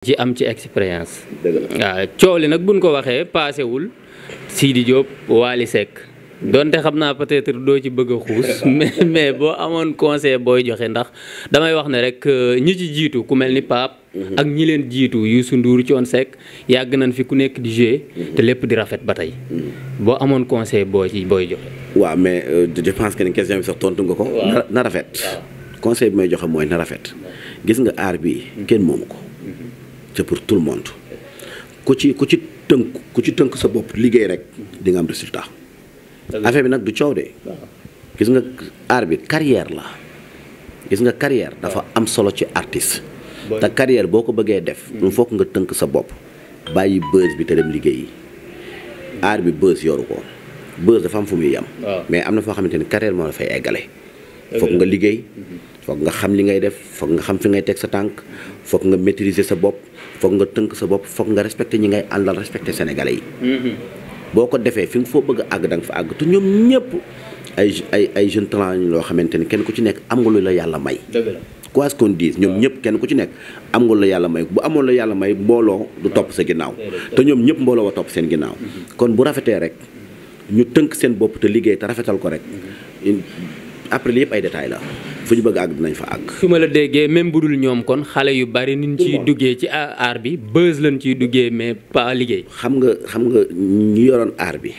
ci am ci expérience waa coow li nag buñ ko waxee paasewul di Diop waali Seck doonte xam naa peut-être doo ci bëgg xuus mais boo amoon conseil booy joxe ndax damay wax ne rek euh, ñi ci jiitu ku mel ni Pape mhm. ak ñi leen jiitu Youssou ci Thione Seck yàgg nañ fi ku nekk di jouer mhm. te lépp di rafet ba tey mhm. boo amoon conseil boo ci booy joxe waa mais euh, je pense que ne question bi sax tontu nga ko na rafet conseil bi may joxe mooy na rafet gis nga aar bi kenn moomu c'est pour tout le monde ku ci ku ci tënk ku ci tënk sa bopp liggéey rek di nga am résultat. affaire bi nag du coow de. gis nga aar bi carrière la gis nga carrière dafa am solo ci artiste. te carrière boo ko bëggee def. Hmm. il faut nga tënk sa bopp bàyyi buzz bi te dem liggéeyi aar hmm. bi buzz yoru ko buzz dafa am fu muy yem. Ah. mais am na foo xamante ni carrière moo la fay eggale. foog nga liggéey foog nga xam li ngay def foog nga xam fi ngay teg sa tànk foog nga maîtriser sa bopp foog nga tënk sa bopp foog nga respecté ñi ngay àndal respecté sénégalais yi mm-hmm. boo ko defee fi nga foo bëgg àgg da nga fa àgg te ñoom ñëpp ay ay ay jeune talent loo xamante ni kenn ku ci nekk am nga lu la yàlla may quoi qu'on dise ñoom ñëpp kenn ku ci nekk am la yàlla may bu amoon la yàlla may mbooloo du topp sa ginnaaw te ñoom ñëpp mbooloo wa topp seen ginnaaw mm-hmm. kon bu rafetee rek ñu tënk seen bopp te liggéey te rafetal ko rek mm-hmm. après li ay détails la fu ñu bëgg àgg dinañ fa àgg. su ma la déggee même bu dul ñoom kon xale yu bari niñ ciy duggee ci aar bi buzz lañ ciy duggee mais pas liggéey. xam nga xam nga ñu yoroon aar bi.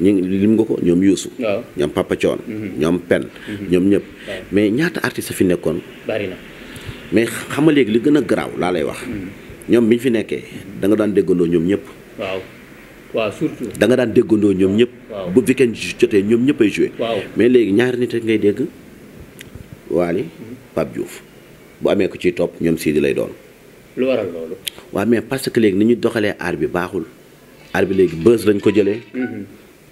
ñu lim nga ko ñoom Youssou. ñoom Papa Thion. Mhm. ñoom Pen. Mhm. ñoom ñëpp mais ñaata artistes fi nekkoon. bari na mais xam nga léegi li gën a garaaw laa lay wax. Mhm. ñoom bi ñu fi nekkee da nga daan déggandoo ñoom ñëpp. waaw waaw surtout da nga daan déggandoo ñoom ñëpp. bu weekend jotee ñoom ñëpp ay joué. mais léegi ñaari nit rek ngay dégg Waly mm-hmm. Pape Diouf bu amee ko ciy topp ñoom di lay doon. lu waral mais parce que léegi ni ñu doxalee aar bi baaxul aar bi léegi bës lañ ko jëlee. Mm-hmm.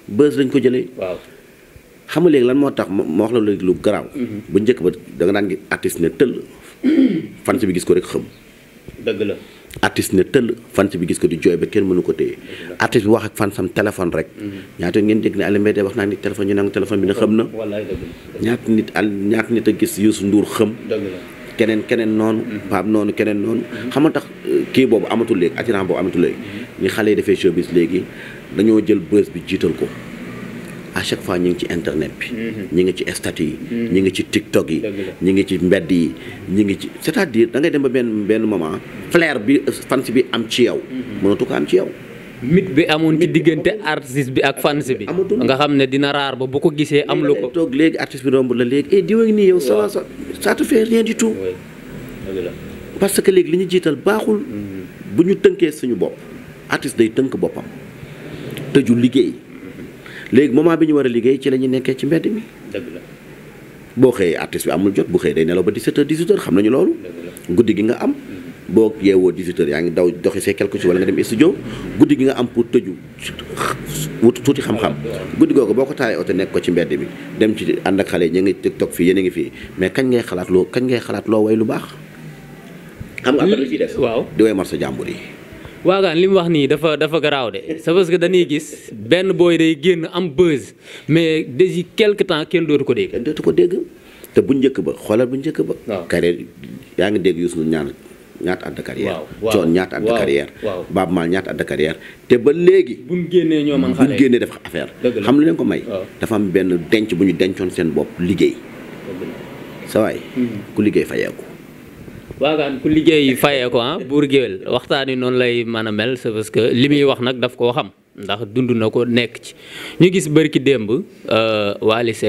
bës lañ ko jëlee. waaw nga léegi lan moo tax ma wax la léegi lu garaaw. Mm-hmm. bu njëkk ba da nga daan artiste ne tëll. fan bi gis ko rek xëm. la. artiste ne tëll fans bi gis ko di jooy ba kenn mënu ko téye artiste bi wax ak fansam téléphone rek ñaata ngeen dégg ne Alioune Mbaye de wax naa nit téléphone ñu nangu téléphone bi ne xam na ñaata nit al ñaata nit a gis Youssou nduur xam keneen keneen noonu mm-hmm. Pape noonu keneen noonu mm-hmm. xam nga tax euh, kii boobu amatul léegi attirant boobu amatul léegi mm-hmm. ni xale yi defee showbiz léegi dañoo jël bës bi jiital ko à chaque fois ñu ngi ci internet bi. Mhm. ñu ngi ci statut yi. Mhm. ñu ngi ci tiktok yi. ñu ngi ci mbedd yi ñu ngi ci cest diir dire da ngay dem ba benn benn moment flair bi fans bi am ci yow. Mhm. mënatu ko am ci yow. mit bi amoon ci diggante artiste bi ak fans bi nga xam ne dina raar ba bu ko gisee am lu ko toog léegi artiste bi ba la léegi eh diwa ngi nii yow ça ça te fait rien du tout parce que léegi li ñu jiital baaxul bu ñu tënkee suñu bopp artiste day tënk boppam tëju liggéey léegi moment bi ñu war a liggéey ci la ñu nekkee ci mbedd mi. dëgg la boo xëyee artiste bi amul jot bu xëyee day nelaw ba 17h 18 xam nañu loolu. guddi gi nga am. Mm-hmm. boo yeewoo 18 yaa ngi daw doxi see quelque wala nga dem studio guddi gi nga am pour tëju wut tuuti xam-xam. guddi googu boo ko taalee oto nekk ko ci mbedd mi dem ci ànd ak xale yi ñu ngi TikTok fii yéen a ngi fii mais kañ ngay xalaat loo kañ ngay xalaat loo way lu baax. xam nga am na lu ciy def mm-hmm. waaw di way marché jàmbur yi waagaan li mu wax nii dafa dafa garaaw de sa parce que dañuy gis benn booy day génn am buzz mais depuis quelque temps kenn dootu ko dégg. kenn dootu ko dégg te bu njëkk ba xoolal bu njëkk ba. waaw yaa ngi dégg Youssou ñaan ñaata at de carrière. waaw ñaata at de carrière. waaw Baaba Maal ñaata at de te ba léegi. bu ñu génnee ñoo mën xale bu ñu génnee def xam lu leen ko may. dafa am benn denc bu ñu dencoon seen bopp liggéey. sa waay hmm. ku liggéey fayeeku waagaan ku liggéey fayee ko ah buur géwél waxtaan yi noonu lay mën a mel c'est parce que li muy wax nag daf koo xam ndax dund na ko nekk ci ñu gis bërki démb euh, Wally Seck